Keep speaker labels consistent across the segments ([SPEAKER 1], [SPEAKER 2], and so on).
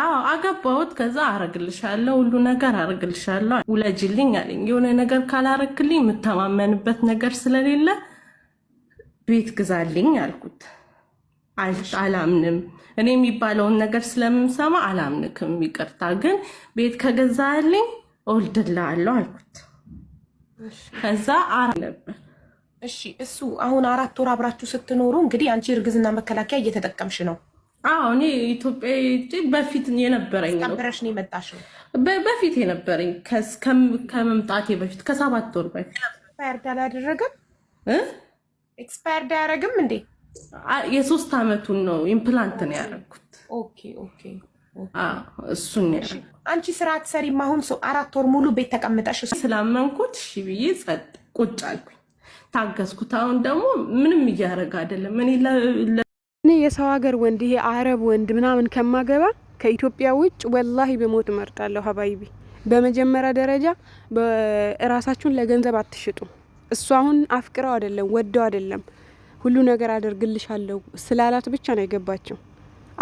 [SPEAKER 1] አዎ አገባሁት። ከዛ አረግልሻለሁ፣ ሁሉ ነገር አረግልሻለሁ፣ ውለጅልኝ አለኝ። የሆነ ነገር ካላረግልኝ የምተማመንበት ነገር ስለሌለ ቤት ግዛልኝ አልኩት። አላምንም እኔ የሚባለውን ነገር ስለምሰማ አላምንክም፣ ይቅርታ ግን ቤት ከገዛልኝ እወልድልሃለሁ አልኩት። ከዛ አራ ነበር
[SPEAKER 2] እሺ። እሱ አሁን አራት ወር አብራችሁ ስትኖሩ እንግዲህ አንቺ እርግዝና መከላከያ እየተጠቀምሽ ነው
[SPEAKER 1] አዎ እኔ ኢትዮጵያ በፊት የነበረኝ
[SPEAKER 2] ነው። ቀብረሽ ነው የመጣሽው?
[SPEAKER 1] በፊት የነበረኝ ከመምጣቴ በፊት ከሰባት ወር በፊት።
[SPEAKER 2] ኤክስፓየርድ አላደረገም? ኤክስፓየርድ አያደረግም እንዴ?
[SPEAKER 1] የሶስት አመቱን ነው ኢምፕላንት ነው ያደረግኩት።
[SPEAKER 2] ኦኬ ኦኬ። እሱን አንቺ ስራ አትሰሪም አሁን? ሰው አራት ወር ሙሉ ቤት ተቀምጠሽ
[SPEAKER 1] ስላመንኩት እሺ ብዬ ጸጥ ቁጭ አልኩኝ፣ ታገዝኩት። አሁን ደግሞ ምንም እያደረገ አይደለም እኔ
[SPEAKER 3] እኔ የሰው ሀገር ወንድ ይሄ አረብ ወንድ ምናምን ከማገባ ከኢትዮጵያ ውጭ ወላሂ ብሞት እመርጣለሁ። ሀባይቢ በመጀመሪያ ደረጃ ራሳችሁን ለገንዘብ አትሽጡ። እሱ አሁን አፍቅረው አይደለም ወደው አይደለም ሁሉ ነገር አደርግልሻለሁ ስላላት ብቻ ነው የገባቸው።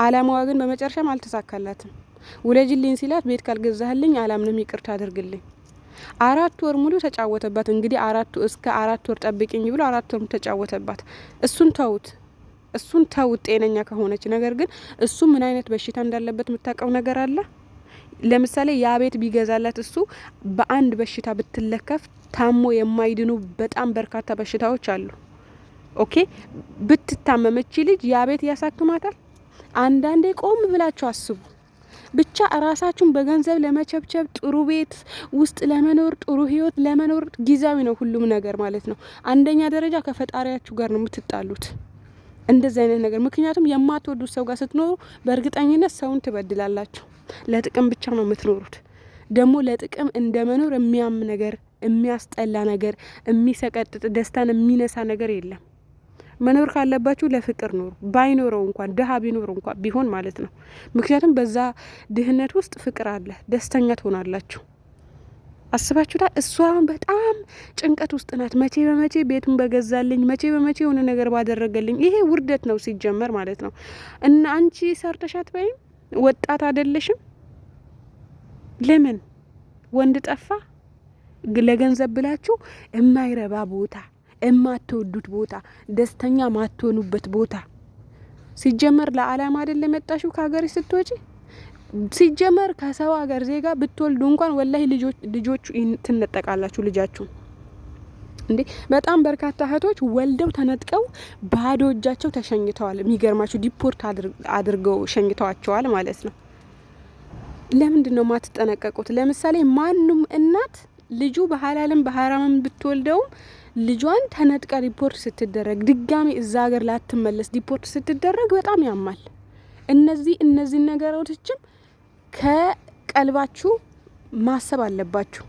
[SPEAKER 3] አላማዋ ግን በመጨረሻም አልተሳካላትም። ውለጅልኝ ሲላት ቤት ካልገዛህልኝ አላምንም ይቅርታ አድርግልኝ። አራት ወር ሙሉ ተጫወተባት። እንግዲህ አራት እስከ አራት ወር ጠብቅኝ ብሎ አራት ወር ተጫወተባት። እሱን ተውት። እሱን ተው፣ ጤነኛ ከሆነች ነገር ግን እሱ ምን አይነት በሽታ እንዳለበት የምታውቀው ነገር አለ። ለምሳሌ ያ ቤት ቢገዛላት እሱ በአንድ በሽታ ብትለከፍ ታሞ የማይድኑ በጣም በርካታ በሽታዎች አሉ። ኦኬ ብትታመምች ልጅ ያ ቤት ያሳክማታል። አንዳንዴ ቆም ብላችሁ አስቡ። ብቻ ራሳችሁን በገንዘብ ለመቸብቸብ ጥሩ ቤት ውስጥ ለመኖር ጥሩ ህይወት ለመኖር ጊዜያዊ ነው ሁሉም ነገር ማለት ነው። አንደኛ ደረጃ ከፈጣሪያችሁ ጋር ነው የምትጣሉት። እንደዚህ አይነት ነገር ምክንያቱም የማትወዱት ሰው ጋር ስትኖሩ በእርግጠኝነት ሰውን ትበድላላችሁ። ለጥቅም ብቻ ነው የምትኖሩት። ደግሞ ለጥቅም እንደ መኖር የሚያም ነገር፣ የሚያስጠላ ነገር፣ የሚሰቀጥጥ ደስታን የሚነሳ ነገር የለም። መኖር ካለባችሁ ለፍቅር ኖሩ። ባይኖረው እንኳን ድሀ ቢኖር እንኳን ቢሆን ማለት ነው። ምክንያቱም በዛ ድህነት ውስጥ ፍቅር አለ፣ ደስተኛ ትሆናላችሁ። አስባችሁታ። እሷ በጣም ጭንቀት ውስጥ ናት። መቼ በመቼ ቤቱን በገዛልኝ፣ መቼ በመቼ የሆነ ነገር ባደረገልኝ። ይሄ ውርደት ነው ሲጀመር ማለት ነው። እና አንቺ ሰርተሻት በይም ወጣት አይደለሽም። ለምን ወንድ ጠፋ? ለገንዘብ ብላችሁ የማይረባ ቦታ፣ የማትወዱት ቦታ፣ ደስተኛ ማትሆኑበት ቦታ። ሲጀመር ለአላማ አይደል የመጣሽው ከሀገር ስትወጪ ሲጀመር ከሰው ሀገር ዜጋ ብትወልዱ እንኳን ወላሂ ልጆቹ ትነጠቃላችሁ። ልጃችሁ እንዴ በጣም በርካታ እህቶች ወልደው ተነጥቀው ባዶ እጃቸው ተሸኝተዋል። የሚገርማችሁ ዲፖርት አድርገው ሸኝተዋቸዋል ማለት ነው። ለምንድን ነው ማትጠነቀቁት? ለምሳሌ ማንም እናት ልጁ በሀላልም በሀራምም ብትወልደውም ልጇን ተነጥቃ ሪፖርት ስትደረግ ድጋሚ እዛ ሀገር ላትመለስ ዲፖርት ስትደረግ በጣም ያማል። እነዚህ እነዚህ ነገሮችም ከቀልባችሁ ማሰብ አለባችሁ።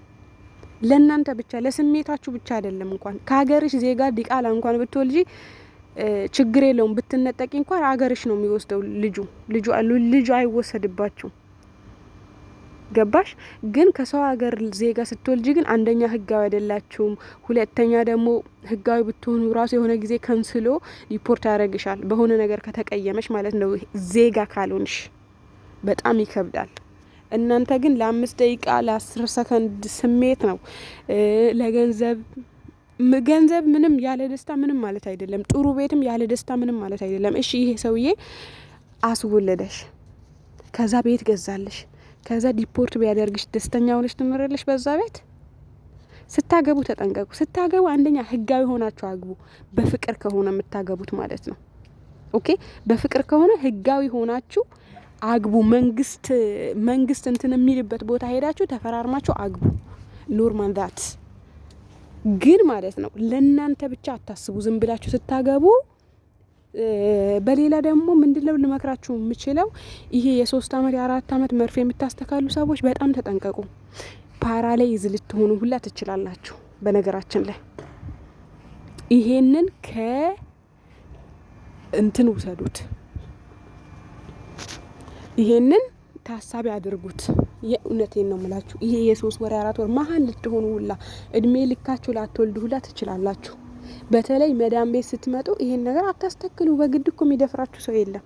[SPEAKER 3] ለእናንተ ብቻ ለስሜታችሁ ብቻ አይደለም። እንኳን ከሀገርሽ ዜጋ ዲቃላ እንኳን ብትወልጂ ችግር የለውም። ብትነጠቂ እንኳን ሀገርሽ ነው የሚወስደው ልጁ ልጁ ልጁ አይወሰድባችሁ። ገባሽ? ግን ከሰው ሀገር ዜጋ ስትወልጂ ግን አንደኛ ህጋዊ አይደላችሁም፣ ሁለተኛ ደግሞ ህጋዊ ብትሆኑ ራሱ የሆነ ጊዜ ከንስሎ ሪፖርት ያደረግሻል በሆነ ነገር ከተቀየመሽ ማለት ነው ዜጋ ካልሆንሽ በጣም ይከብዳል። እናንተ ግን ለአምስት ደቂቃ ለአስር ሰከንድ ስሜት ነው ለገንዘብ ገንዘብ ምንም ያለ ደስታ ምንም ማለት አይደለም። ጥሩ ቤትም ያለ ደስታ ምንም ማለት አይደለም። እሺ ይሄ ሰውዬ አስወለደሽ፣ ከዛ ቤት ገዛለሽ፣ ከዛ ዲፖርት ቢያደርግሽ ደስተኛ ሆነሽ ትምረለሽ በዛ ቤት? ስታገቡ ተጠንቀቁ። ስታገቡ አንደኛ ህጋዊ ሆናችሁ አግቡ፣ በፍቅር ከሆነ የምታገቡት ማለት ነው። ኦኬ፣ በፍቅር ከሆነ ህጋዊ ሆናችሁ አግቡ። መንግስት መንግስት እንትን የሚልበት ቦታ ሄዳችሁ ተፈራርማችሁ አግቡ። ኖርማል ዛት ግን ማለት ነው ለእናንተ ብቻ አታስቡ። ዝም ብላችሁ ስታገቡ በሌላ ደግሞ ምንድነው ልመክራችሁ የምችለው ይሄ የሶስት አመት የአራት አመት መርፌ የምታስተካሉ ሰዎች በጣም ተጠንቀቁ። ፓራላይዝ ልትሆኑ ሁላ ትችላላችሁ። በነገራችን ላይ ይሄንን ከእንትን ውሰዱት። ይሄንን ታሳቢ አድርጉት። የእውነቴን ነው የምላችሁ። ይሄ የሶስት ወር አራት ወር መሀል ልትሆኑ ሁላ እድሜ ልካችሁ ላትወልዱ ሁላ ትችላላችሁ። በተለይ መዳም ቤት ስትመጡ ይሄን ነገር አታስተክሉ። በግድ እኮ የሚደፍራችሁ ሰው የለም።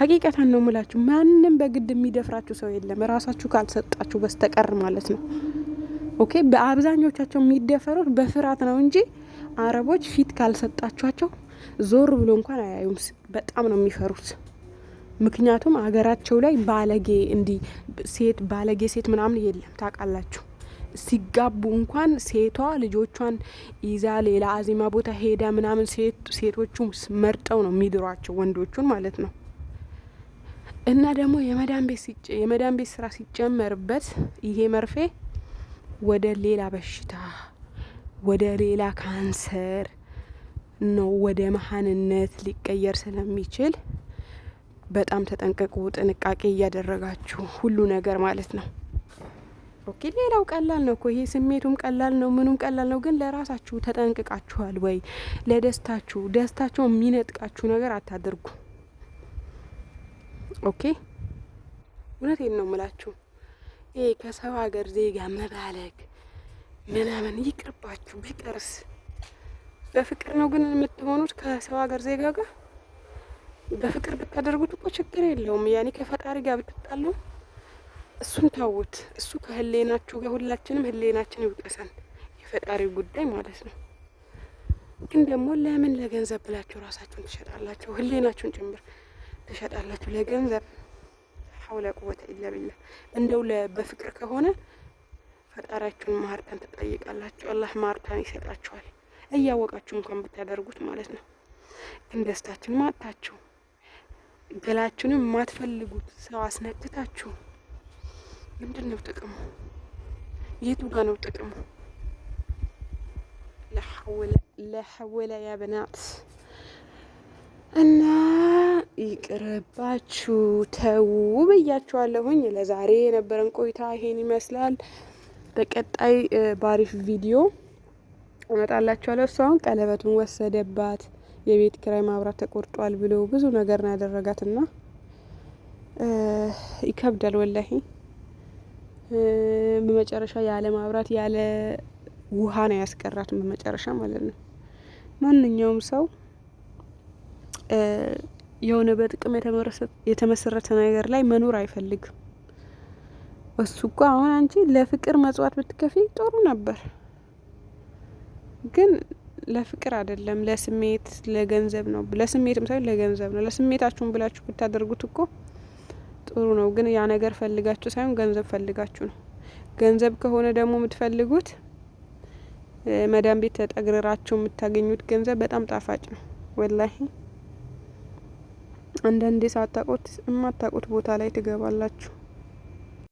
[SPEAKER 3] ሀቂቀታን ነው ምላችሁ። ማንም በግድ የሚደፍራችሁ ሰው የለም፣ ራሳችሁ ካልሰጣችሁ በስተቀር ማለት ነው። ኦኬ በአብዛኞቻቸው የሚደፈሩት በፍርሃት ነው እንጂ አረቦች ፊት ካልሰጣችኋቸው ዞር ብሎ እንኳን አያዩም። በጣም ነው የሚፈሩት። ምክንያቱም ሀገራቸው ላይ ባለጌ እንዲ ሴት ባለጌ ሴት ምናምን የለም። ታውቃላችሁ ሲጋቡ እንኳን ሴቷ ልጆቿን ይዛ ሌላ አዚማ ቦታ ሄዳ ምናምን ሴቶቹ መርጠው ነው የሚድሯቸው ወንዶቹን ማለት ነው። እና ደግሞ የመዳን ቤት ስራ ሲጨመርበት ይሄ መርፌ ወደ ሌላ በሽታ ወደ ሌላ ካንሰር ነው ወደ መሀንነት ሊቀየር ስለሚችል በጣም ተጠንቀቁ፣ ጥንቃቄ እያደረጋችሁ ሁሉ ነገር ማለት ነው። ኦኬ ሌላው ቀላል ነው እኮ ይሄ ስሜቱም ቀላል ነው፣ ምኑም ቀላል ነው። ግን ለራሳችሁ ተጠንቅቃችኋል ወይ? ለደስታችሁ ደስታችሁ የሚነጥቃችሁ ነገር አታድርጉ። ኦኬ እውነቴን ነው ምላችሁ። ይሄ ከሰው ሀገር ዜጋ መባለግ ምናምን ይቅርባችሁ። ቢቀርስ በፍቅር ነው ግን የምትሆኑት ከሰው ሀገር ዜጋ ጋር በፍቅር ብታደርጉት እኮ ችግር የለውም። ያኔ ከፈጣሪ ጋር ብትጣሉ እሱን ታውት እሱ ከህሌናችሁ ጋር ሁላችንም ህሌናችን ይውቀሰን የፈጣሪ ጉዳይ ማለት ነው። ግን ደግሞ ለምን ለገንዘብ ብላችሁ ራሳችሁን ትሸጣላችሁ? ህሌናችሁን ጭምር ትሸጣላችሁ ለገንዘብ። ሐውለ ቁወተ ኢላ ቢላ። እንደው በፍቅር ከሆነ ፈጣሪያችሁን ማርታን ትጠይቃላችሁ። አላህ ማርታን ይሰጣችኋል። እያወቃችሁ እንኳን ብታደርጉት ማለት ነው። ግን ደስታችን ማጣችሁ ገላችሁንም የማትፈልጉት ሰው አስነክታችሁ ምንድን ነው ጥቅሙ? የቱ ጋ ነው ጥቅሙ? ለሐወላ ያ በናት እና ይቅርባችሁ፣ ተዉ ብያችኋለሁኝ። ለዛሬ የነበረን ቆይታ ይሄን ይመስላል። በቀጣይ ባሪፍ ቪዲዮ እመጣላችኋለሁ። እሱ አሁን ቀለበቱን ወሰደባት። የቤት ኪራይ ማብራት ተቆርጧል ብሎ ብዙ ነገር ነው እና ይከብዳል ወላሂ። በመጨረሻ ያለ ማብራት ያለ ውሃ ነው ያስቀራት በመጨረሻ ማለት ነው። ማንኛውም ሰው የሆነ በጥቅም የተመሰረተ ነገር ላይ መኖር አይፈልግም። እሱ እኮ አሁን አንቺ ለፍቅር መጽዋት ብትከፊ ጥሩ ነበር ግን ለፍቅር አይደለም፣ ለስሜት ለገንዘብ ነው። ለስሜትም ሳይሆን ለገንዘብ ነው። ለስሜታችሁን ብላችሁ ብታደርጉት እኮ ጥሩ ነው። ግን ያ ነገር ፈልጋችሁ ሳይሆን ገንዘብ ፈልጋችሁ ነው። ገንዘብ ከሆነ ደግሞ የምትፈልጉት መዳም ቤት ተጠግረራችሁ የምታገኙት ገንዘብ በጣም ጣፋጭ ነው። ወላሂ አንዳንዴ ሳታውቁት የማታውቁት ቦታ ላይ ትገባላችሁ።